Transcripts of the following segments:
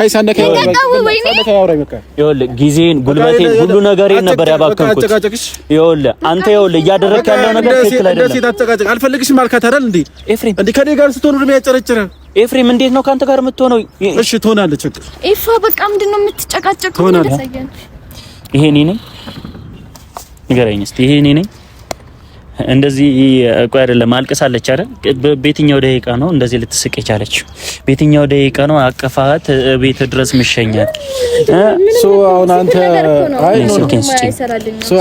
አይ ይኸውልህ ጊዜን፣ ጉልበቴን፣ ሁሉ ነገሬን ነበር ያባከንኩት። ይኸውልህ አንተ ይኸውልህ እያደረግህ ያለው ነገር ትክክል አይደለም። አልፈልግሽም አልካት አይደል እንዴ? ኤፍሬም እንዴ ከኔ ጋር ስትሆን ነው የሚያጨረጭረ ኤፍሬም እንዴት ነው ከአንተ ጋር የምትሆነው? እሺ ትሆናለች። ኤፋ በቃ ምንድን ነው የምትጨቃጨቀው? ይሄ እኔ ነኝ። ንገረኝ እስኪ ይሄ እኔ ነኝ እንደዚህ ቆይ አይደለም አልቅሳለች አይደል? በየትኛው ደቂቃ ነው እንደዚህ ልትስቅ የቻለችው? በየትኛው ደቂቃ ነው አቀፋት ቤት ድረስ ምሸኛል? ሶ አሁን አንተ አይ ነው ሶ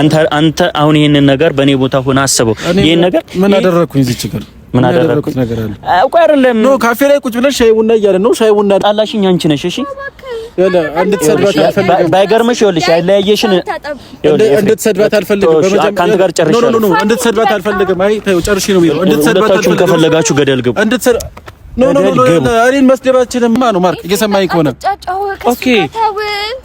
አንተ አንተ አሁን ይሄንን ነገር በእኔ ቦታ ሆነ አስበው ይሄን ነገር ምን አደረኩኝ እዚህ ችግር ምን አደረኩት ነገር አለ እኮ አይደለም። ኖ ካፌ ላይ ቁጭ ብለን ሻይ ቡና እያለ ነው። ሻይ ቡና ጣላሽኝ፣ አንቺ ነሽ። እሺ ባይገርምሽ፣ ይኸውልሽ አይለያየሽን፣ እንድትሰድባት አልፈልግም። ከአንተ ጋር ጨርሻለሁ። እንድትሰድባት አልፈልግም። አይ ተይው፣ ጨርሼ ነው። የሚለው። እንድትሰድባት ከፈለጋችሁ ገደል ግቡ። ኖ ኖ ኖ እኔን መስደባችንም ማ ነው ማርክ፣ እየሰማኝ ከሆነ ኦኬ።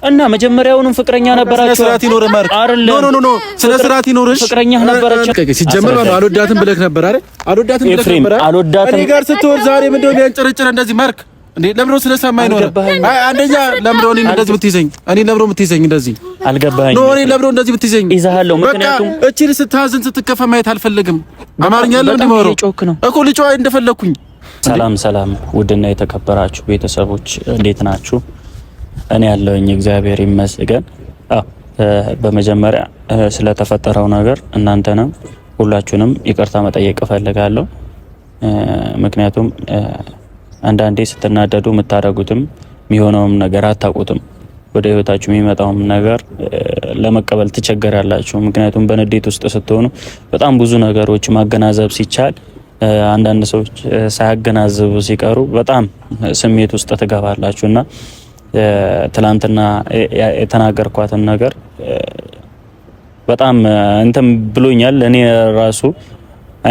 እና መጀመሪያውንም ፍቅረኛ ነበራችሁ። ስነ ስርዓት ይኖር ማርክ። ኖ ኖ ኖ፣ ስነ ስርዓት ይኖርሽ። ፍቅረኛ ነበራችሁ ሲጀመር ማለት አልወዳትም ብለህ ነበር አይደል? አልወዳትም ብለህ ነበር አልወዳትም። እኔ ጋር ስትወር ዛሬ ምንድን ነው ያንጨረጭረ እንደዚህ ማርክ እንዴ ለምሮ ስለሰማኝ ስለሰማ አይ አንደኛ ለምሮ እኔን እንደዚህ ብትይዘኝ እኔ ለምሮ ብትይዘኝ እንደዚህ አልገባኝ ነው። እኔ ለምሮ እንደዚህ ብትይዘኝ ይዛሃለሁ። ምክንያቱም እቺን ስታዝን ስትከፋ ማየት አልፈልግም። አማርኛ ለምን እንደማወራው እኮ ልጮህ እንደፈለኩኝ ሰላም ሰላም፣ ውድና የተከበራችሁ ቤተሰቦች እንዴት ናችሁ? እኔ ያለውኝ እግዚአብሔር ይመስገን። በመጀመሪያ ስለተፈጠረው ነገር እናንተንም ሁላችሁንም ይቅርታ መጠየቅ እፈልጋለሁ። ምክንያቱም አንዳንዴ ስትናደዱ የምታደርጉትም የሚሆነውም ነገር አታውቁትም። ወደ ህይወታችሁ የሚመጣውም ነገር ለመቀበል ትቸገራላችሁ። ምክንያቱም በንዴት ውስጥ ስትሆኑ በጣም ብዙ ነገሮች ማገናዘብ ሲቻል አንዳንድ ሰዎች ሳያገናዝቡ ሲቀሩ በጣም ስሜት ውስጥ ትገባላችሁ እና ትላንትና የተናገርኳትን ነገር በጣም እንትን ብሎኛል። እኔ ራሱ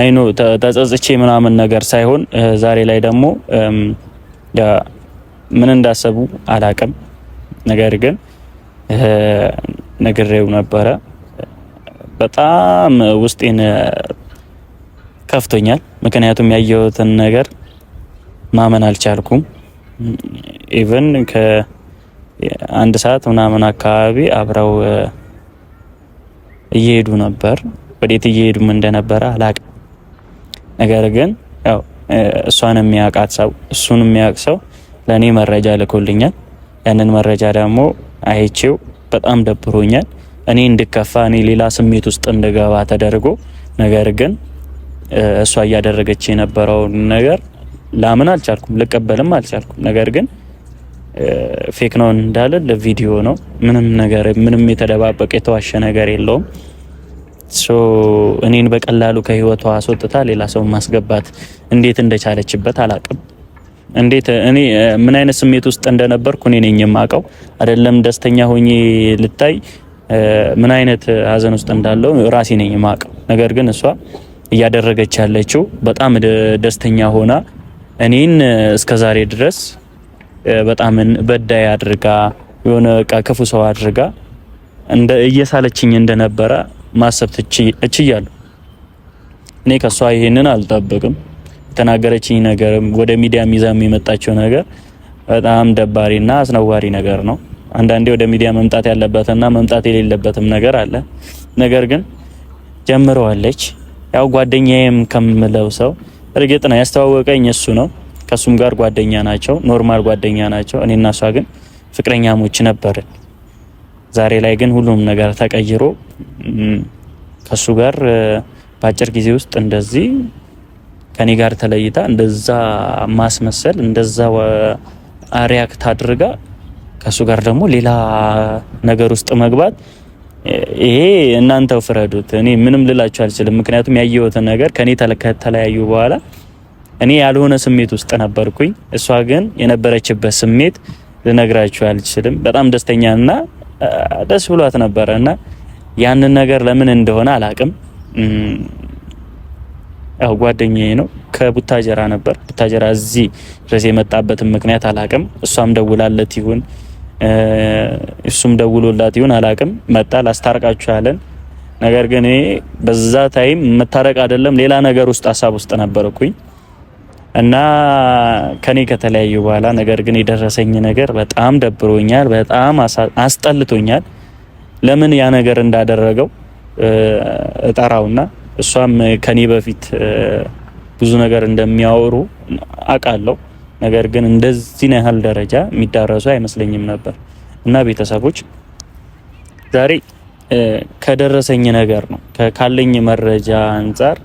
አይኑ ተጸጽቼ ምናምን ነገር ሳይሆን ዛሬ ላይ ደግሞ ምን እንዳሰቡ አላቅም። ነገር ግን ነግሬው ነበረ። በጣም ውስጤን ከፍቶኛል። ምክንያቱም ያየሁትን ነገር ማመን አልቻልኩም። ኢቨን ከአንድ ሰዓት ምናምን አካባቢ አብረው እየሄዱ ነበር። ወዴት እየሄዱም እንደነበረ አላቅም። ነገር ግን ያው እሷን የሚያውቃት ሰው እሱን የሚያውቅ ሰው ለእኔ መረጃ ልኮልኛል። ያንን መረጃ ደግሞ አይቼው በጣም ደብሮኛል። እኔ እንድከፋ እኔ ሌላ ስሜት ውስጥ እንድገባ ተደርጎ ነገር ግን እሷ እያደረገች የነበረውን ነገር ላምን አልቻልኩም፣ ልቀበልም አልቻልኩም። ነገር ግን ፌክ ነው እንዳለ ለቪዲዮ ነው። ምንም ነገር ምንም የተደባበቀ የተዋሸ ነገር የለውም። ሶ እኔን በቀላሉ ከህይወቷ አስወጥታ ሌላ ሰው ማስገባት እንዴት እንደቻለችበት አላቅም። እንዴት እኔ ምን አይነት ስሜት ውስጥ እንደነበርኩ እኔ ነኝ የማውቀው። አይደለም ደስተኛ ሆኜ ልታይ ምን አይነት ሀዘን ውስጥ እንዳለው ራሴ ነኝ የማውቀው። ነገር ግን እሷ እያደረገች ያለችው በጣም ደስተኛ ሆና እኔን እስከ ዛሬ ድረስ በጣም በዳይ አድርጋ የሆነ በቃ ክፉ ሰው አድርጋ እንደ እየሳለችኝ እንደነበረ ማሰብ እችያለሁ። እኔ ከሷ ይሄንን አልጠብቅም። የተናገረችኝ ነገርም ወደ ሚዲያ ሚዛ የመጣችው ነገር በጣም ደባሪና አስነዋሪ ነገር ነው። አንዳንዴ ወደ ሚዲያ መምጣት ያለበትና መምጣት የሌለበትም ነገር አለ። ነገር ግን ጀምረዋለች። ያው ጓደኛዬም ከምለው ሰው እርግጥ ነው ያስተዋወቀኝ እሱ ነው። ከሱም ጋር ጓደኛ ናቸው፣ ኖርማል ጓደኛ ናቸው። እኔና እሷ ግን ፍቅረኛሞች ነበርን። ዛሬ ላይ ግን ሁሉም ነገር ተቀይሮ ከሱ ጋር በአጭር ጊዜ ውስጥ እንደዚህ ከኔ ጋር ተለይታ እንደዛ ማስመሰል እንደዛ ሪያክት አድርጋ ከሱ ጋር ደግሞ ሌላ ነገር ውስጥ መግባት ይሄ እናንተው ፍረዱት። እኔ ምንም ልላችሁ አልችልም። ምክንያቱም ያየሁትን ነገር ከኔ ከተለያዩ በኋላ እኔ ያልሆነ ስሜት ውስጥ ነበርኩኝ። እሷ ግን የነበረችበት ስሜት ልነግራችሁ አልችልም። በጣም ደስተኛና ደስ ብሏት ነበረ እና ያንን ነገር ለምን እንደሆነ አላቅም። ያው ጓደኛዬ ነው ከቡታጀራ ነበር። ቡታጀራ እዚህ ድረስ የመጣበትን ምክንያት አላቅም። እሷም ደውላለት ይሁን እሱም ደውሎላት ይሁን አላቅም፣ መጣ ላስታርቃችኋለን። ነገር ግን እኔ በዛ ታይም መታረቅ አይደለም ሌላ ነገር ውስጥ ሀሳብ ውስጥ ነበርኩኝ እና ከኔ ከተለያዩ በኋላ ነገር ግን የደረሰኝ ነገር በጣም ደብሮኛል፣ በጣም አስጠልቶኛል። ለምን ያ ነገር እንዳደረገው እጠራውና እሷም ከኔ በፊት ብዙ ነገር እንደሚያወሩ አውቃለሁ። ነገር ግን እንደዚህ ያህል ደረጃ የሚዳረሱ አይመስለኝም ነበር እና ቤተሰቦች ዛሬ ከደረሰኝ ነገር ነው ካለኝ መረጃ አንጻር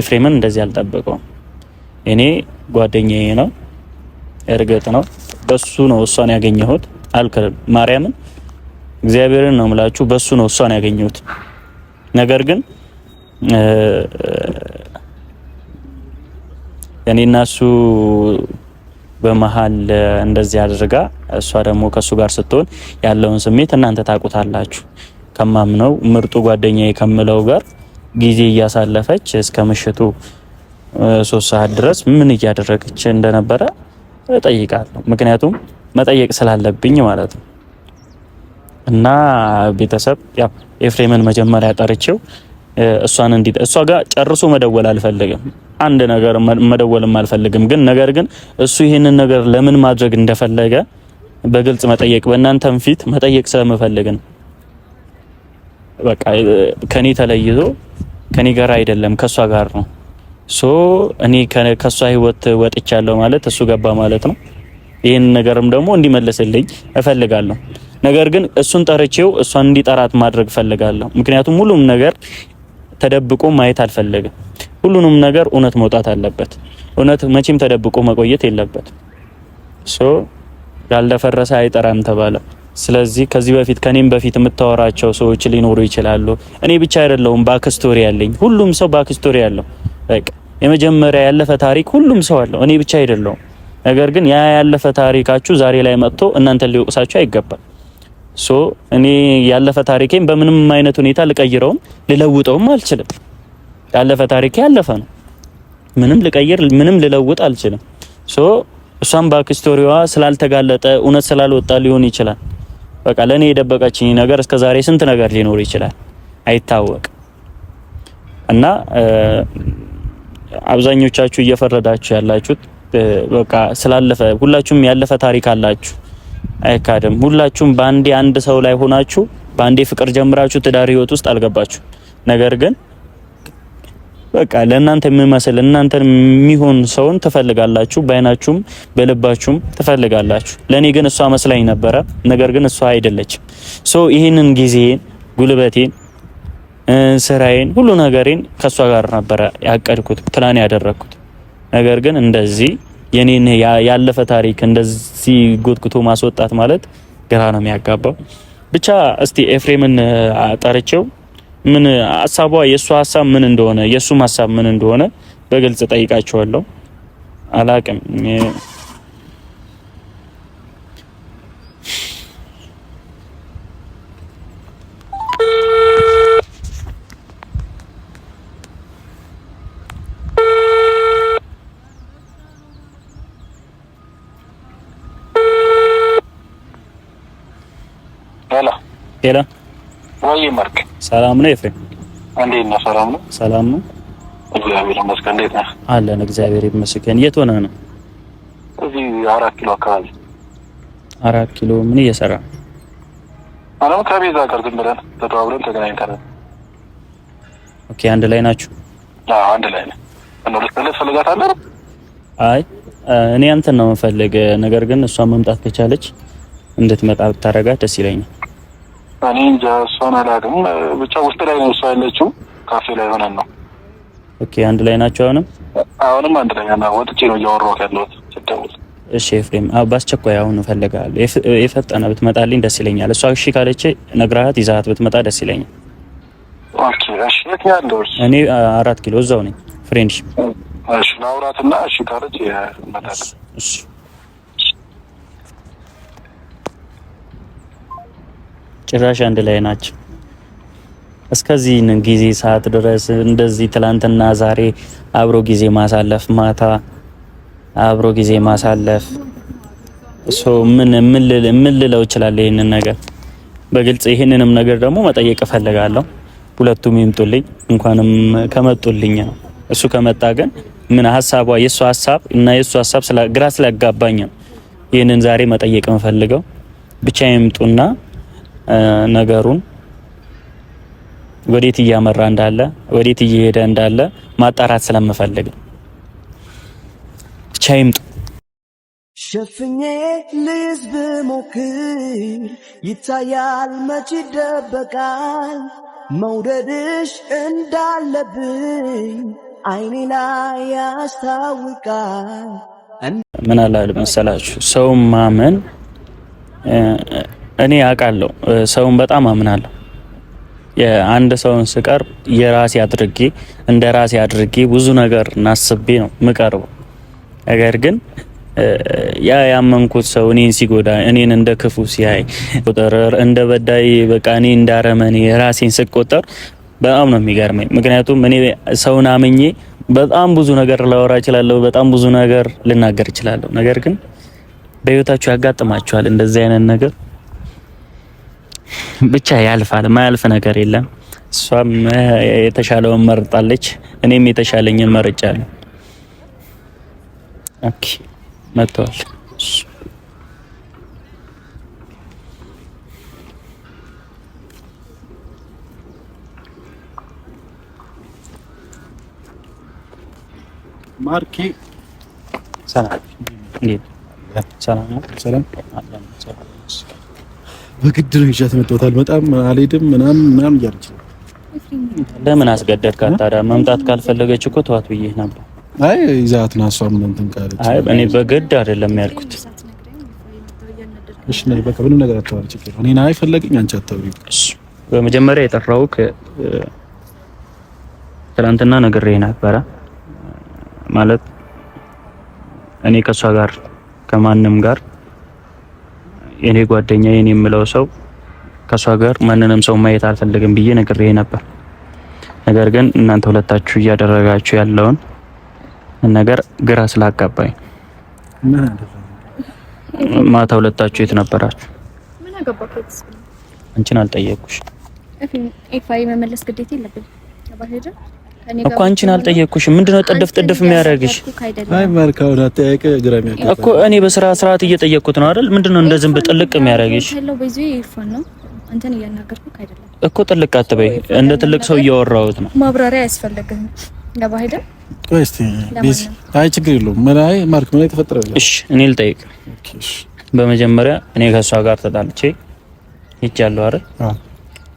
ኤፍሬምን እንደዚህ አልጠብቀውም። እኔ ጓደኛዬ ነው፣ እርግጥ ነው በሱ ነው እሷን ያገኘሁት አልክልም። ማርያምን እግዚአብሔርን ነው የምላችሁ፣ በሱ ነው እሷን ያገኘሁት። ነገር ግን እኔ እና እሱ በመሀል እንደዚህ አድርጋ እሷ ደግሞ ከእሱ ጋር ስትሆን ያለውን ስሜት እናንተ ታውቁታላችሁ። ከማምነው ምርጡ ጓደኛዬ ከምለው ጋር ጊዜ እያሳለፈች እስከ ምሽቱ ሶስት ሰዓት ድረስ ምን እያደረገች እንደነበረ እጠይቃለሁ። ምክንያቱም መጠየቅ ስላለብኝ ማለት ነው። እና ቤተሰብ ያው ኤፍሬምን መጀመሪያ ጠርቼው እሷን እንዲ እሷ ጋር ጨርሶ መደወል አልፈልግም አንድ ነገር መደወልም አልፈልግም። ግን ነገር ግን እሱ ይህንን ነገር ለምን ማድረግ እንደፈለገ በግልጽ መጠየቅ በእናንተም ፊት መጠየቅ ስለምፈልግ ነው። በቃ ከኔ ተለይቶ ከኔ ጋር አይደለም ከሷ ጋር ነው። ሶ እኔ ከሷ ህይወት ወጥቻለሁ ማለት እሱ ገባ ማለት ነው። ይህን ነገርም ደግሞ እንዲመለስልኝ እፈልጋለሁ። ነገር ግን እሱን ጠርቼው እሷን እንዲጠራት ማድረግ እፈልጋለሁ። ምክንያቱም ሁሉም ነገር ተደብቆ ማየት አልፈለግም። ሁሉንም ነገር እውነት መውጣት አለበት። እውነት መቼም ተደብቆ መቆየት የለበት። ሶ ያልደፈረሰ አይጠራም ተባለ። ስለዚህ ከዚህ በፊት ከኔም በፊት የምታወራቸው ሰዎች ሊኖሩ ይችላሉ። እኔ ብቻ አይደለሁም ባክስቶሪ ያለኝ፣ ሁሉም ሰው ባክስቶሪ ያለው በቃ የመጀመሪያ ያለፈ ታሪክ ሁሉም ሰው አለው። እኔ ብቻ አይደለሁም። ነገር ግን ያ ያለፈ ታሪካችሁ ዛሬ ላይ መጥቶ እናንተ ሊወቅሳችሁ አይገባል። ሶ እኔ ያለፈ ታሪኬን በምንም አይነት ሁኔታ ልቀይረውም ልለውጠውም አልችልም። ያለፈ ታሪክ ያለፈ ነው። ምንም ልቀይር ምንም ልለውጥ አልችልም። ሶ እሷም ባክስቶሪዋ ስላልተጋለጠ እውነት ስላልወጣ ሊሆን ይችላል። በቃ ለእኔ የደበቀችኝ ነገር እስከዛሬ ስንት ነገር ሊኖር ይችላል አይታወቅ እና አብዛኞቻችሁ እየፈረዳችሁ ያላችሁት በቃ ስላለፈ ሁላችሁም ያለፈ ታሪክ አላችሁ፣ አይካድም። ሁላችሁም በአንዴ አንድ ሰው ላይ ሆናችሁ በአንዴ ፍቅር ጀምራችሁ ትዳር ህይወት ውስጥ አልገባችሁ ነገር ግን በቃ ለእናንተ የሚመስል እናንተ የሚሆን ሰውን ትፈልጋላችሁ፣ በአይናችሁም በልባችሁም ትፈልጋላችሁ። ለእኔ ግን እሷ መስላኝ ነበረ፣ ነገር ግን እሷ አይደለችም። ሶ ይህንን ጊዜን፣ ጉልበቴን፣ ስራዬን፣ ሁሉ ነገሬን ከእሷ ጋር ነበረ ያቀድኩት፣ ፕላን ያደረግኩት። ነገር ግን እንደዚህ የኔን ያለፈ ታሪክ እንደዚህ ጎትጉቶ ማስወጣት ማለት ግራ ነው የሚያጋባው። ብቻ እስቲ ኤፍሬምን ጠርቼው ምን ሀሳቧ የእሱ ሀሳብ ምን እንደሆነ የእሱም ሀሳብ ምን እንደሆነ በግልጽ ጠይቃቸዋለሁ። አላቅም ሄላ ሄላ ወይ ማርክ ሰላም ነው ኤፍሬም፣ እንዴት ነህ? ሰላም ነው። ሰላም ነው፣ እግዚአብሔር ይመስገን። እንዴት ነህ? አለን፣ እግዚአብሔር ይመስገን። የት ሆነህ ነው? እዚህ አራት ኪሎ አካባቢ። አራት ኪሎ ምን እየሰራ ነው? አሁን ከቤዛ ጋር ዝም ብለን ተደዋውለን ተገናኝተናል። ኦኬ፣ አንድ ላይ ናችሁ? አዎ፣ አንድ ላይ ነን። እንደው ልትፈልግ አለ? አይ እኔ አንተን ነው የምፈልግ፣ ነገር ግን እሷ መምጣት ከቻለች እንድትመጣ ብታረጋት ደስ ይለኛል። እኔ እንጃ እሷን አላውቅም። ብቻ ውስጥ ላይ ነው እሷ ያለችው፣ ካፌ ላይ ሆነን ነው። ኦኬ አንድ ላይ ናቸው። አሁንም አሁንም አንድ ላይ ና ወጥቼ ነው እያወራሁት ያለሁት ስትደውል። እሺ ኤፍሬም፣ በአስቸኳይ አሁን እፈልግሃለሁ። የፈጠነ ብትመጣልኝ ደስ ይለኛል። እሷ እሺ ካለች ነግራት ይዛት ብትመጣ ደስ ይለኛል። እኔ አራት ኪሎ እዛው ነኝ። ፍሬንድሺፕ። እሺ ናውራትና እሺ ካለች እመጣለሁ። እሺ ጭራሽ አንድ ላይ ናቸው። እስከዚህ ጊዜ ሰዓት ድረስ እንደዚህ ትላንትና ዛሬ አብሮ ጊዜ ማሳለፍ፣ ማታ አብሮ ጊዜ ማሳለፍ ሶ ምን ምን ልለው እችላለሁ? ይህንን ነገር በግልጽ ይህንንም ነገር ደግሞ መጠየቅ እፈልጋለሁ። ሁለቱም ይምጡልኝ። እንኳንም ከመጡልኝ ነው። እሱ ከመጣ ግን ምን ሀሳቧ የእሱ ሀሳብ እና የእሱ ሀሳብ ግራ ስላጋባኝ ነው ይህንን ዛሬ መጠየቅ የምፈልገው። ብቻ ይምጡና ነገሩን ወዴት እያመራ እንዳለ ወዴት እየሄደ እንዳለ ማጣራት ስለምፈልግ ብቻ ሸፍኜ ልይዝ ብሞክር ይታያል፣ መች ይደበቃል መውደድሽ እንዳለብኝ አይኔ ላይ ያስታውቃል። ምን አላል መሰላችሁ ሰው ማመን እኔ አውቃለሁ፣ ሰውን በጣም አምናለሁ። የአንድ ሰውን ስቀርብ የራሴ አድርጌ እንደ ራሴ አድርጌ ብዙ ነገር እናስቤ ነው የምቀርበው ነገር ግን ያ ያመንኩት ሰው እኔን ሲጎዳ እኔን እንደ ክፉ ሲያይ ቁጥር እንደ በዳይ በቃ እኔ እንዳረመኔ ራሴን ስቆጠር በጣም ነው የሚገርመኝ። ምክንያቱም እኔ ሰውን አምኜ በጣም ብዙ ነገር ላወራ እችላለሁ፣ በጣም ብዙ ነገር ልናገር እችላለሁ። ነገር ግን በህይወታችሁ ያጋጥማችኋል እንደዚህ አይነት ነገር ብቻ ያልፋል። ማያልፍ ነገር የለም። እሷም የተሻለውን መርጣለች፣ እኔም የተሻለኝን መርጫለሁ። ኦኬ መጥተዋል። ማርኬ ሰላም ሰላም ሰላም በግድ ነው ይዣት መጥቷታል። በጣም አልሄድም ምናምን ምናምን እያለች ነው። ለምን አስገደድካት ታዲያ? መምጣት ካልፈለገች እኮ ተዋት ብዬ ነበር። አይ ይዛት ና እሷም እንትን ካለች። አይ እኔ በግድ አይደለም ያልኩት። እሺ ነይ በቃ ምንም ነገር አታወሪ ችግር እኔ ናይ ፈለገኝ አንቺ አታወሪ። እሺ በመጀመሪያ የጠራሁህ ትናንትና ነግሬህ ነበረ ማለት እኔ ከእሷ ጋር ከማንም ጋር የኔ ጓደኛ የኔ የምለው ሰው ከሷ ጋር ማንንም ሰው ማየት አልፈልግም ብዬ ነግሬ ነበር። ነገር ግን እናንተ ሁለታችሁ እያደረጋችሁ ያለውን ነገር ግራ ስላጋባኝ ማታ ሁለታችሁ የት ነበራችሁ? ምን አገባከው? አንቺን አልጠየቅኩሽ። መመለስ ግዴታ የለብኝ እኮ አንቺን አልጠየቅኩሽም። ምንድነው ጥድፍ ጥድፍ የሚያደርግሽ? አይ ማርካው ዳ ጠየቀ ግራም ያቀ እኮ እኔ በስራ ስርዓት እየጠየቅኩት ነው አይደል? ምንድነው እንደ ዝም ብጥልቅ የሚያደርግሽ? እኮ ጥልቅ አትበይ። እንደ ትልቅ ሰው እያወራሁት ነው። ማብራሪያ አያስፈልግም። አይ ችግር የለውም። ምን አይ ማርክ ምን ተፈጠረ? እሺ እኔ ልጠይቅ። በመጀመሪያ እኔ ከሷ ጋር ተጣልቼ ይቻለሁ አይደል?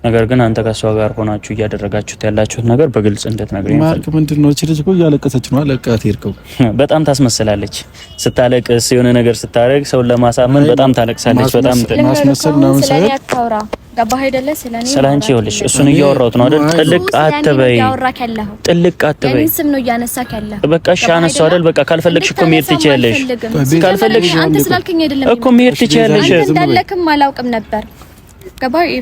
ነገር ግን አንተ ከሷ ጋር ሆናችሁ እያደረጋችሁት ያላችሁት ነገር በግልጽ እንድትነግረኝ ማርክ። ምንድን ነው? እቺ ልጅ እኮ እያለቀሰች ነው። አለቃት ሄድከው። በጣም ታስመስላለች። ስታለቅስ፣ የሆነ ነገር ስታደርግ ሰውን ለማሳመን በጣም ታለቅሳለች። በጣም ማስመሰል ነው። ስለዚህ አታውራ። አይደለ? ስለኔ ይኸውልሽ፣ እሱን እያወራሁት ነው አይደል? ጥልቅ አትበይ፣ ጥልቅ አትበይ። በቃ እሺ፣ አነሳው አይደል? በቃ ካልፈለግሽ እኮ መሄድ ትችያለሽ። ካልፈለግሽ እኮ መሄድ ትችያለሽ። እንዳለክም አላውቅም ነበር ገባህ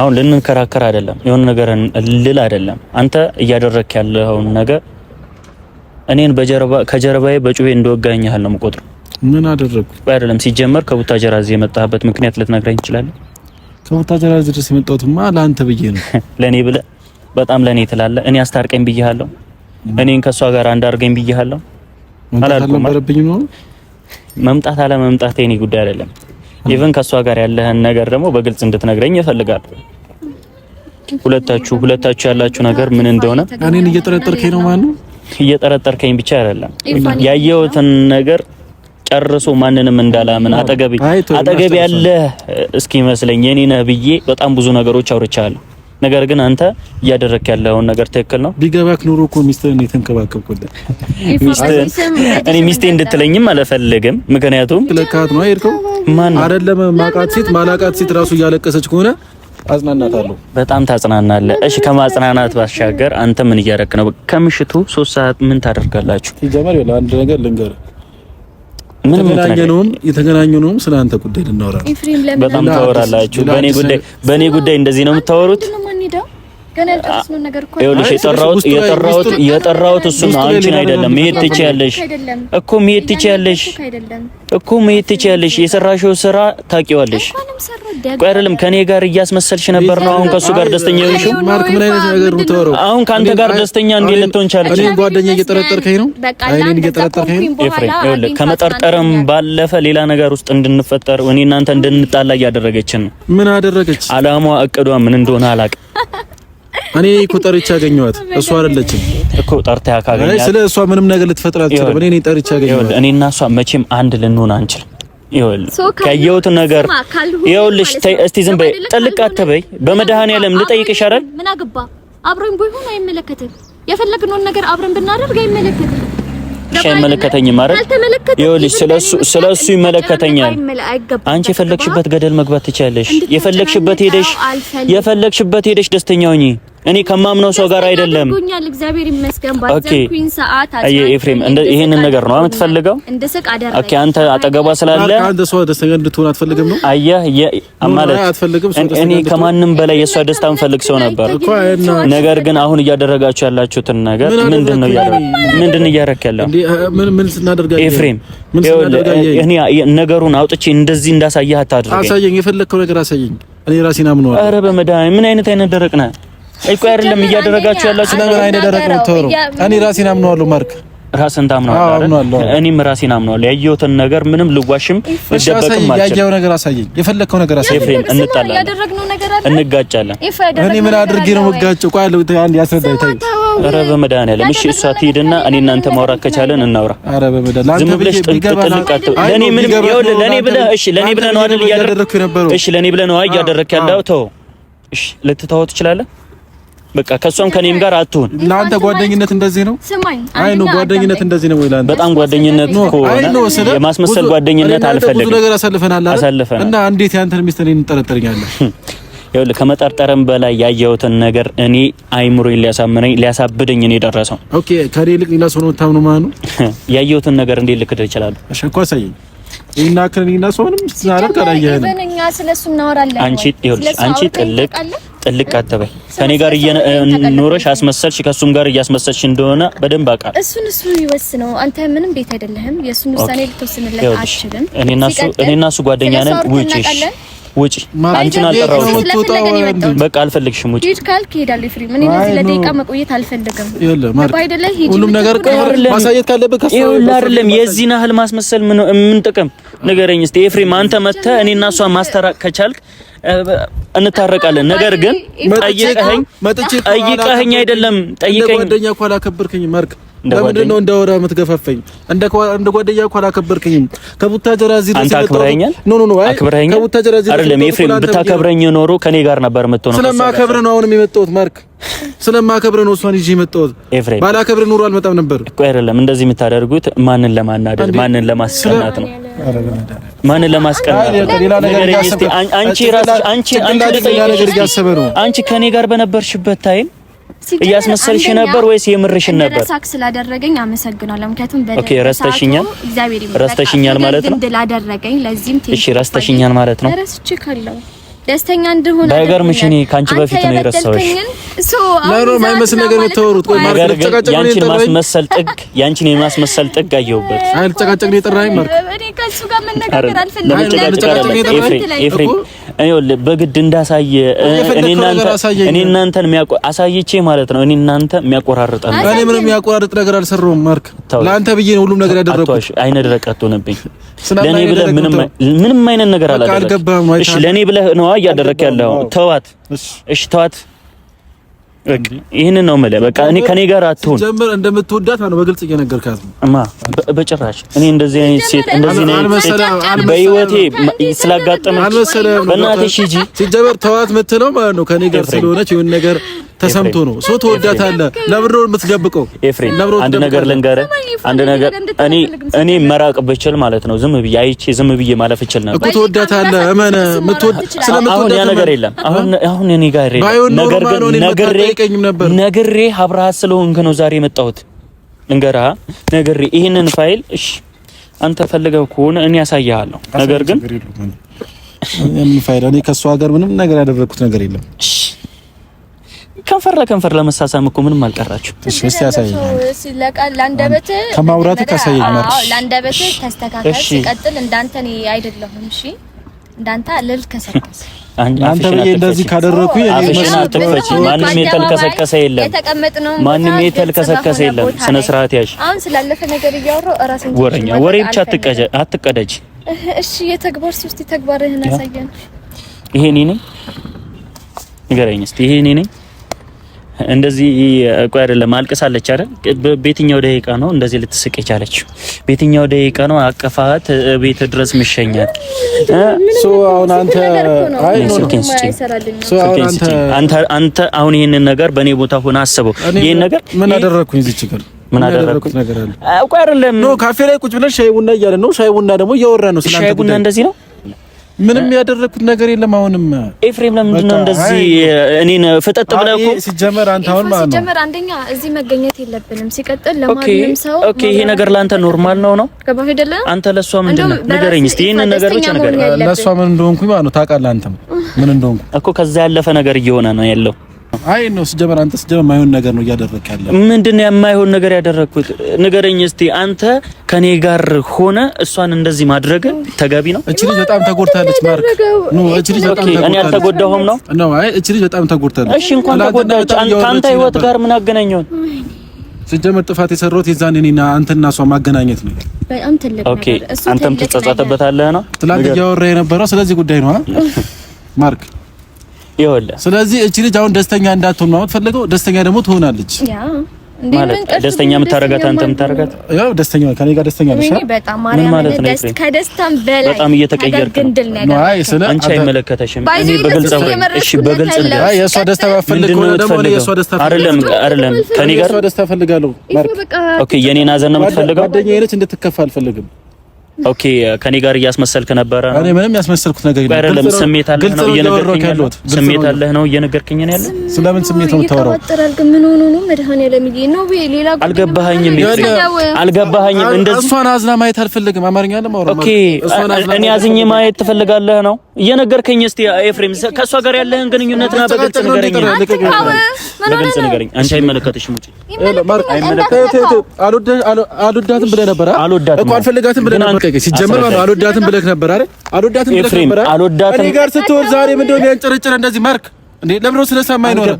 አሁን ልንከራከር አይደለም፣ የሆነ ነገር ልል አይደለም። አንተ እያደረክ ያለውን ነገር እኔን በጀርባ ከጀርባዬ በጩቤ እንደወጋኝ ያህል ነው የምቆጥረው። ምን አደረኩ አይደለም። ሲጀመር ከቡታጀራ እዚህ የመጣህበት ምክንያት ልትነግረኝ ትችላለህ? ከቡታጀራ እዚህ ድረስ የመጣሁትማ ለአንተ ብዬ ነው። ለእኔ ብለህ በጣም ለእኔ ትላለህ። እኔ አስታርቀኝ ብዬሃለሁ። እኔን ከእሷ ጋር አንድ አድርገኝ ብዬሃለሁ። አላልኩም ነበረብኝ ነው መምጣት አለመምጣት የኔ ጉዳይ አይደለም። ኢቨን ከሷ ጋር ያለህን ነገር ደግሞ በግልጽ እንድትነግረኝ ይፈልጋል። ሁለታችሁ ሁለታችሁ ያላችሁ ነገር ምን እንደሆነ እኔን እየጠረጠርከኝ ነው ማለት ነው። እየጠረጠርከኝ ብቻ አይደለም ያየሁትን ነገር ጨርሶ ማንንም እንዳላምን አጠገቤ አጠገቤ እስኪ መስለኝ የኔ ነህ ብዬ በጣም ብዙ ነገሮች አውርቻለሁ። ነገር ግን አንተ እያደረክ ያለውን ነገር ትክክል ነው። ቢገባክ ኑሮ እኮ ሚስትህን የተንከባከብኩልህ እኔ ሚስቴ እንድትለኝም አልፈልግም። ምክንያቱም ለካት ነው አይርከው ማን አይደለም ማቃት ሴት ማላቃት ሴት ራሱ እያለቀሰች ከሆነ አጽናናታለሁ። በጣም ታጽናናለህ። እሺ፣ ከማጽናናት ባሻገር አንተ ምን እያደረክ ነው? ከምሽቱ ሶስት ሰዓት ምን ታደርጋላችሁ? ይጀምር አንድ ነገር ልንገርህ የተገናኘነውም የተገናኘነውም ስለ አንተ ጉዳይ ልናወራ በጣም ታወራላችሁ። በእኔ ጉዳይ እንደዚህ ነው የምታወሩት። ገና ያልጨረስነውን ነገር እኮ የጠራሁት እሱን አንቺን አይደለም። መሄድ ትችያለሽ እኮ መሄድ ትችያለሽ እኮ መሄድ ትችያለሽ። የሰራሽው ስራ ታውቂዋለሽ። ቆይ አይደለም ከኔ ጋር እያስመሰልሽ ነበር ነው አሁን ከሱ ጋር ደስተኛ የሆንሽው? ማርክ፣ ምን አይነት ነገር ነው ተወረው? አሁን ካንተ ጋር ደስተኛ እንዴት ልትሆን ቻለች? እኔ ጓደኛ እየጠረጠርከኝ ነው። አይኔን እየጠረጠርከኝ ነው። ኤፍሬም፣ ይኸውልህ ከመጠርጠርም ባለፈ ሌላ ነገር ውስጥ እንድንፈጠር እኔ እናንተ እንድንጣላ እያደረገችን ነው። ምን አደረገች? አላማዋ እቅዷ ምን እንደሆነ አላውቅም። እኔ እኮ ጠርቼ ያገኘኋት እሷ አይደለችም እኮ ጠርታ ካገኘኋት ስለ እሷ ምንም ነገር ልትፈጥር አትችልም። እኔ እኔ ጠርቼ ያገኘኋት እኔ እና እሷ መቼም አንድ ልንሆን አንችልም። ይኸውልህ ከየውት ነገር ይኸውልሽ፣ እስቲ ዝም በይ፣ ጥልቅ አትበይ። በመድኃኒዓለም ልጠይቅሽ አይደል? ምን አገባ አብረን ቢሆን አይመለከትም። የፈለግነውን ነገር አብረን ብናደርግ አይመለከትም። እሺ አይመለከተኝም ማለት ይኸውልሽ፣ ስለሱ ስለሱ ይመለከተኛል። አንቺ የፈለግሽበት ገደል መግባት ትችያለሽ። የፈለግሽበት ሄደሽ የፈለግሽበት ሄደሽ ደስተኛ ሁኚ። እኔ ከማምነው ሰው ጋር አይደለም። እግዚአብሔር ይመስገን። ባዘኩኝ ሰዓት ኤፍሬም ይሄንን ነገር ነው የምትፈልገው። ኦኬ አንተ አጠገቧ ስላለ አንተ ሰው ደስተኛ እንድትሆን አትፈልግም ነው። አየህ እኔ ከማንም በላይ የእሷ ደስታ የምፈልግ ሰው ነበር። ነገር ግን አሁን እያደረጋችሁ ያላችሁትን ነገር ምንድን ነው እያደረግ ምንድን እያደረክ ያለው ኤፍሬም? እኔ ነገሩን አውጥቼ እንደዚህ እንዳሳየህ አታድርገኝ። አሳየኝ፣ የፈለግከው ነገር አሳየኝ። እኔ ራሴን አምነዋለሁ። ኧረ በመድኃኒዓለም ምን አይነት አይነት ደረቅ ነህ እኮ አይደለም እያደረጋችሁ ያላችሁ ነገር አይነ ደረቀው ተወሩ። እኔ ራሴን አምነዋለሁ። ማርክ ራስን ታምነዋለህ? እኔም ራሴን አምነዋለሁ። ያየሁትን ነገር ምንም ልዋሽም ልደበቅም ማለት ያየው ነገር አሳየኝ። የፈለከው ነገር አሳየኝ። ኤፍሬም፣ እንጣላለን፣ እንጋጫለን። እኔ ምን አድርጌ ነው መጋጨው? ቆይ ያለው አንድ ያስረዳኝ። ታይ ኧረ በመድኃኒዓለም እሺ፣ እሷ ትሂድና እኔ እናንተ ማውራት ከቻለን እናውራ። ኧረ በመድኃኒዓለም ዝም ብለሽ ጥልቃት ለኔ ምንም ይኸውልህ፣ ለኔ ብለህ እሺ፣ ለኔ ብለህ ነው አይደል እያደረግኩ የነበረው? እሺ፣ ለኔ ብለህ ነው እያደረግክ ያለው። ተው እሺ፣ ልትተወው ትችላለህ በቃ ከሷም ከኔም ጋር አትሁን። ለአንተ ጓደኝነት እንደዚህ ነው። አይ ነው ጓደኝነት እንደዚህ ነው ወይ ለአንተ? በጣም ጓደኝነት እኮ የማስመሰል ጓደኝነት አልፈልግም። ብዙ ነገር አሳልፈናል አሳልፈናል። እና እንዴት ያንተን ሚስት እኔን እንጠረጠርኛለህ? ይኸውልህ ከመጠርጠርም በላይ ያየሁትን ነገር እኔ አይምሮኝ ሊያሳምነኝ ሊያሳብደኝ እኔ ደረሰው። ኦኬ ከኔ ይልቅ ሌላ ሰው ነው የምታምነው ማለት ነው? ያየሁትን ነገር እንዴት ልክድ እችላለሁ? እሺ እኮ አሳየኝ ይሄና ከኔና ሰውንም ስናረግ ነው። እኛ ስለሱ እናወራለን። አንቺ ይኸውልሽ፣ አንቺ ጥልቅ ጥልቅ አትበይ። ከኔ ጋር እየኖረሽ አስመሰልሽ፣ ከሱም ጋር እያስመሰልሽ እንደሆነ በደንብ አውቃለሁ። እሱን እሱ ይወስነው። አንተ ምንም ቤት አይደለህም። የእሱን ውሳኔ ልትወስንልህ አትችልም። እኔና እሱ እኔና እሱ ጓደኛ ነን። ውጪሽ ውጪ አንቺን አልጠራሁሽም። በቃ አልፈልግሽም። ውጪ ሂድ ካልክ እሄዳለሁ። ፍሪ ምን ለደቂቃ መቆየት አልፈልግም። ሁሉም ነገር ማሳየት ከሱ ይኸውልህ፣ አይደለም የዚህን ያህል ማስመሰል ምን ምን ጥቅም ንገረኝ እስቲ ኤፍሬም። አንተ መተህ እኔ እሷ ማስተራቅ ከቻልክ እንታረቃለን። ነገር ግን ጠይቀኸኝ ጠይቀኸኝ አይደለም ጠይቀኝ ጓደኛ እኮ አላከበርከኝ ማርክ ለምንድን ነው እንደ ወራ የምትገፋፈኝ? እንደ እንደ ጓደኛ እኮ አላከበርከኝም። ከቡታጀራ እዚህ ድረስ አክብረኸኛል። ኖ ኖ ኖ፣ አይ ከቡታጀራ እዚህ አይደለም። ኤፍሬም ብታከብረኝ ኖሮ ከኔ ጋር ነበር የምትሆነው። ስለማከብር ነው አሁንም የመጣሁት ማርክ፣ ስለማከብር ነው እሷን ይዤ የመጣሁት። ኤፍሬም ባላከብር ኖሮ አልመጣም ነበር እኮ። አይደለም እንደዚህ የምታደርጉት ማንን ለማናደድ ማንን ለማስቀናት ነው? ማንን ለማስቀናት ነው? አንቺ አንቺ አንቺ ከኔ ጋር በነበርሽበት ታይም እያስመሰልሽ ነበር ወይስ የምርሽን ነበር? ሳክ ስላደረገኝ አመሰግናለሁ። ምክንያቱም በ ኦኬ ረስተሽኛል፣ እግዚአብሔር ረስተሽኛል ማለት ነው። ላደረገኝ ለዚህም እሺ፣ ረስተሽኛል ማለት ነው። ካለው ደስተኛ እንደሆነ ነገር ምሽ እኔ ካንቺ በፊት ነው የረሳሁሽ። እሱ ለሮ ማይመስል ነገር ነው ተወሩት። ቆይ ማርክ ተጨቃጨቀ ነው ማስመሰል ጥግ ያንቺን የማስመሰል ጥግ አየሁበት። አይ ተጨቃጨቀ ነው የጠራኸኝ ማርክ። እኔ ከሱ ጋር መነጋገር አልፈልግም። ለጨቃጨቀ ነው የጠራኸኝ ኤፍሬም በግድ እንዳሳየ እኔ እናንተን አሳይቼ ማለት ነው። እኔ እናንተ ነው። እኔ ምንም የሚያቆራርጥ ነገር አልሰራሁም። ማርክ ለአንተ ብዬ ነው ሁሉም ነገር ያደረኩት። አይነ ደረቅ አትሆንብኝ። ለኔ ብለ ምንም ምንም አይነት ነገር አላደረግም። ለኔ ብለ ነው እያደረክ ያለው። ተዋት፣ እሺ ተዋት ይህንን ነው የምልህ። በቃ እኔ ከኔ ጋር አትሁን ጀምር። እንደምትወዳት ነው በግልጽ እየነገርካት ነው። እማ በጭራሽ እኔ እንደዚህ አይነት ሴት እንደዚህ አይነት ሴት በህይወቴ ስላጋጠመኝ በእናትሽ ሂጂ። ሲጀመር ተዋት የምትለው ማለት ነው ከኔ ጋር ስለሆነች ይሁን ነገር ተሰምቶ ነው። ሰው አለ ለብሮ የምትደብቀው ኤፍሬም፣ አንድ ነገር ልንገርህ፣ አንድ ነገር እኔ እኔ መራቅ ብችል ማለት ነው ዝም ብዬ አይቼ ዝም ብዬ ማለፍ እችል ነበር እኮ። ተወዳት አለ እመነ ስለምትወዳት አሁን ያ ነገር የለም። አሁን አሁን እኔ ጋር የለም ነገር ግን ነገር አትጠይቀኝም ነበር። ነግሬ አብረሃት ስለሆንክ ነው ዛሬ የመጣሁት። ንገራ ነግሬ ይህንን ፋይል እሺ፣ አንተ ፈልገው ከሆነ እኔ ያሳያለሁ። ነገር ግን እኔ ከሱ ሀገር ምንም ነገር ያደረግኩት ነገር የለም። ከንፈር ለከንፈር ለመሳሳም እኮ ምንም አልቀራችሁ። እሺ፣ እስቲ ያሳየኝ። ከማውራት ካሳየኝ ማለት ነው። ላንደበት ተስተካከል። ሲቀጥል እንዳንተ እኔ አይደለሁም። እሺ፣ እንዳንተ ልል ከሰከሰ አንተ ብዬ እንደዚህ ካደረኩ አፍሽን አትክፈቺ። ማንም የተልከሰከሰ የለም፣ ማንም የተልከሰከሰ የለም። ስነ ስርዓት ያዥ። አሁን ስላለፈ ነገር እያወራሁ እራሴን ወረኛ ወሬ ብቻ አትቀደጅ። እሺ የተግባር ሶስት የተግባርህን አሳየን። ይሄ እኔ ነኝ፣ ንገረኝ እስኪ። ይሄ እኔ ነኝ እንደዚህ ቆይ አይደለም አልቅሳለች አይደል? በየትኛው ደቂቃ ነው እንደዚህ ልትስቅ የቻለችው? በየትኛው ደቂቃ ነው አቀፋት ቤት ድረስ ምሸኛል? ሶ አሁን አንተ አይ አንተ አንተ አሁን ይሄንን ነገር በእኔ ቦታ ሆነ አስበው። ይሄን ነገር ምን አደረኩኝ እዚህ ችግር ምን አደረኩት ነገር አለ። ቆይ አይደለም ኖ ካፌ ላይ ቁጭ ብለን ሻይ ቡና እያለ ነው። ሻይ ቡና ደግሞ እያወራ ነው። ስለአንተ ቡና እንደዚህ ነው ምንም ያደረኩት ነገር የለም። አሁንም ኤፍሬም ለምንድን ነው እንደዚህ እኔን ፍጠጥ ብለህ እኮ ሲጀመር አንተ አሁን ማለት ነው ሲጀመር አንደኛ እዚህ መገኘት የለብንም። ሲቀጥል ለማንም ሰው ኦኬ፣ ይሄ ነገር ለአንተ ኖርማል ነው ነው ገባህ አይደለ? አንተ ለሷ ምንድን ነው ንገረኝ እስቲ ይሄን ነገር ብቻ ንገረኝ። ለሷ ምን እንደሆንኩኝ ማለት ነው ታውቃለህ። አንተም ምን እንደሆንኩ እኮ ከዛ ያለፈ ነገር እየሆነ ነው ያለው አይ ነው ስጀመር አንተ ስጀመር የማይሆን ነገር ነው እያደረክ ያለ። ምንድነው የማይሆን ነገር ያደረኩት? ንገረኝ እስቲ አንተ ከኔ ጋር ሆነ እሷን እንደዚህ ማድረግ ተገቢ ነው? እቺ ልጅ በጣም ተጎድታለች ማርክ። ነው እቺ ልጅ በጣም ተጎድታለች። እኔ አልተጎዳሁም ነው ነው። አይ እቺ ልጅ በጣም ተጎድታለች። እሺ እንኳን ተጎዳች፣ ከአንተ ህይወት ጋር ምን አገናኘው? ስጀመር ጥፋት የሰራሁት የዛን እኔና አንተና እሷ ማገናኘት ነው። በጣም ትልቅ ነገር። አንተም ትጸጸትበታለህ ነው ትላንት እያወራህ የነበረው ስለዚህ ጉዳይ ነው ማርክ ይኸውልህ። ስለዚህ እቺ ልጅ አሁን ደስተኛ እንዳትሆን ነው የምትፈልገው። ደስተኛ ደግሞ ትሆናለች። ደስተኛ የምታረጋት አንተ የምታረጋት ያው ደስተኛ ከኔ ጋር ደስተኛ ነሽ። በጣም ከደስታም በላይ በጣም እየተቀየርክ ነው። አይ ስለ አንቺ አይመለከተሽም። እኔ በግልጽ ነው። እሺ፣ በግልጽ ነው። አይ የእሷ ደስታ ባፈልግ ነው ደግሞ እኔ የእሷ ደስታ አይደለም፣ አይደለም ከኔ ጋር ደስታ ፈልጋለሁ። ኦኬ፣ የኔን ሀዘን ነው የምትፈልገው። ጓደኛዬ ነች፣ እንድትከፋ አልፈልግም። ኦኬ ከኔ ጋር እያስመሰልክ ነበረ ነው። እኔ ምንም ያስመሰልኩት ነገር የለም። አይደለም ስሜት አለህ ነው እየነገርከኝ ያለው ስሜት አለህ ነው እየነገርከኝ ነው ያለው። ስለምን ስሜት ነው የምታወራው? ምን ሆኖ ነው መድኃኒዓለም? ይሄ ነው ሌላ አልገባኸኝም፣ አልገባኸኝም። እንደዚህ እሷን አዝና ማየት አልፈልግም። አማርኛ አለ ማውራት። ኦኬ እኔ አዝኜ ማየት ትፈልጋለህ ነው እየነገርከኝ። እስቲ ኤፍሬም ከእሷ ጋር ያለህን ግንኙነት ና በግልጽ ንገረኝ፣ በግልጽ ንገረኝ። አንቺ አይመለከትሽም እንጂ አልወዳትም ብለህ ነበር እኮ አልፈልጋትም ብለህ ነበር ጠይቀኝ። ሲጀመር አልወዳትም ብለህ ነበር አይደል? አልወዳትም ብለህ ነበር አይደል? እኔ ጋር ስትወር ዛሬ ምን እንደሆነ ያንጨረጨረ እንደዚህ ማርክ እንዴ ለምሮ ስለሰማ አይኖርም።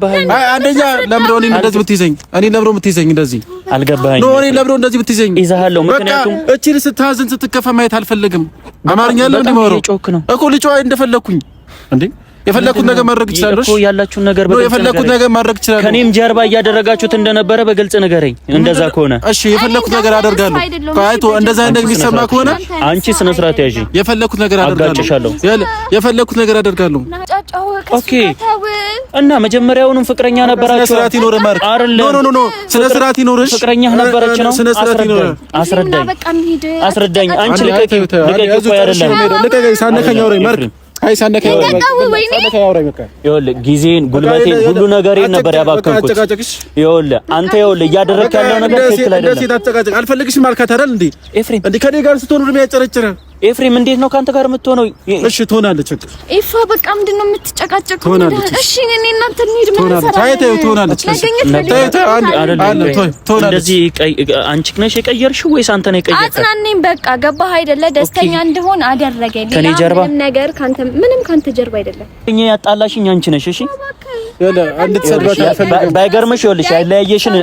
አንደኛ ለምሮ እኔ እንደዚህ ብትይዘኝ እኔ ለምሮ ብትይዘኝ እንደዚህ አልገባኝ ነው። እኔ ለምሮ እንደዚህ ብትይዘኝ ይዛሃለው። ምክንያቱም እቺን ስታዝን ስትከፋ ማየት አልፈልግም። አማርኛ ለምን እንደማወራው እኮ ልጫዋ እንደፈለኩኝ እንዴ የፈለኩት ነገር ማድረግ ይችላልሽ እኮ ያላችሁን ነገር በግልጽ የፈለኩት ነገር ማድረግ ይችላል። ከኔም ጀርባ እያደረጋችሁት እንደነበረ በግልጽ ንገረኝ። እንደዛ ከሆነ እሺ፣ የፈለኩት ነገር አደርጋለሁ። ካይቶ እንደዛ አይነት የሚሰማ ከሆነ አንቺ ስነ ስርዓት ያዢ። የፈለኩት ነገር አደርጋለሁ። የፈለኩት ነገር አደርጋለሁ። ኦኬ። እና መጀመሪያውንም ፍቅረኛ ነበራችሁ። ስነ ስርዓት ይኖር ማርክ አይደል? ኖ ኖ ኖ፣ ስነ ስርዓት ይኖርሽ። ፍቅረኛ ነበረች ነው። ስነ ስርዓት ይኖር። አስረዳኝ፣ አስረዳኝ። አንቺ ልቀቂ፣ ልቀቂ። ቆይ አይደለም፣ ልቀቂ። ሳነካኝ አውሪኝ ማርክ ጊዜን፣ ጉልበቴን፣ ሁሉ ነገር ነበር ያባከንኩት። አንተ ይኸውልህ እያደረግህ ያለው ነገር አይደለም። እንዴ? ኤፍሬም እንዴ ጋር ስትሆን ነው የሚያጨረጭረህ። ኤፍሬም እንዴት ነው ከአንተ ጋር የምትሆነው? እሺ ትሆናለች። ኤፋ በቃ ምንድን ነው ትሆናለች። እሺ እኔ እናንተ እንሂድ። ምን አንቺ ነሽ የቀየርሽው ወይስ አንተ ነህ የቀየርከው? አጽናኔም በቃ ገባህ አይደለ? ደስተኛ እንደሆን አደረገ። ምንም ነገር ካንተ ምንም ካንተ ጀርባ አይደለም። እኛ ያጣላሽኝ አንቺ ነሽ። እሺ ባይገርምሽ ይኸውልሽ ያለያየሽን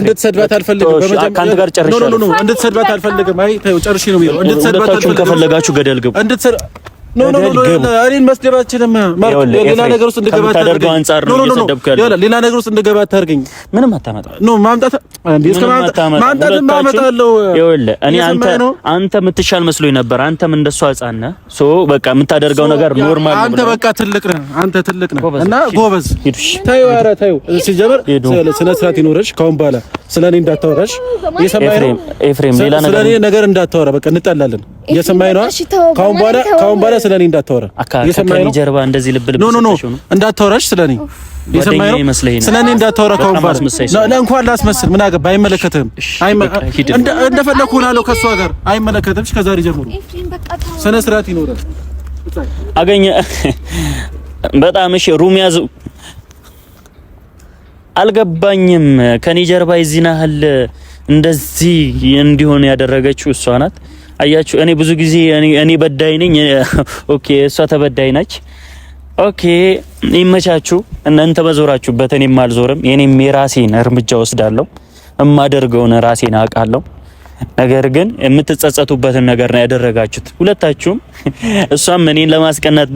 እንድትሰድባት አልፈልግም። ከአንተ ጋር ጨርሻለሁ። እንድትሰድባት አልፈልግም። አይ ተይው፣ ጨርሼ ነው የሚለው። እንድትሰድባት ከፈለጋችሁ ገደል ግቡ። እኔን መስደብ አትችልም። ሌላ ነገር ውስጥ እንድገባ አታድርገኝ። ምንም አታመጣም። አንተ የምትሻል መስሎኝ ነበር። አንተም እንደሷ ሕፃን ነህ። በቃ የምታደርገው ነገር ኖርማል። አንተ በቃ ትልቅ ነህ። አንተ ትልቅ ነህ እና ጎበዝ። ተይው፣ ኧረ ተይው። ሲጀመር ስነ ስርዓት ይኖረሽ። ከአሁን በኋላ ስለ እኔ እንዳታወራሽ። ኤፍሬም። ሌላ ነገር እንዳታወራ። በቃ እንጣላለን። የሰማኸኝ ነው። ከአሁን በኋላ ስለኔ እንዳታወራ። የሰማኸኝ ነው? ጀርባ እንደዚህ ልብ ልብ ነው እንዳታወራሽ ስለኔ የሰማኸኝ ነው? ስለኔ እንዳታወራ። ከአሁን በኋላ እንኳን ላስመስል ምን አገባህ? አይመለከትህም። እንደፈለኩ እላለሁ ከእሷ ጋር አይመለከትም። ከዛሬ ጀምሮ ስነ ስርዓት ይኖራል። አገኘ በጣም እሺ። ሩም ያዙ። አልገባኝም። ከኔ ጀርባ ይዚናል እንደዚህ እንዲሆን ያደረገችው እሷ ናት። አያችሁ፣ እኔ ብዙ ጊዜ እኔ በዳይ ነኝ። ኦኬ፣ እሷ ተበዳይ ናች። ኦኬ፣ ይመቻችሁ። እናንተ በዞራችሁበት እኔም አልዞርም። የኔም የራሴን እርምጃ ወስዳለሁ። እማደርገውን ራሴን አውቃለሁ። ነገር ግን የምትጸጸቱበትን ነገር ነው ያደረጋችሁት ሁለታችሁም። እሷም እኔን ለማስቀናት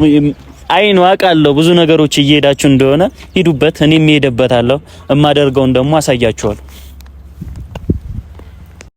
አይኑ አውቃለሁ ብዙ ነገሮች እየሄዳችሁ እንደሆነ ሂዱበት፣ እኔም እሄድበታለሁ። እማደርገውን ደግሞ አሳያችኋለሁ።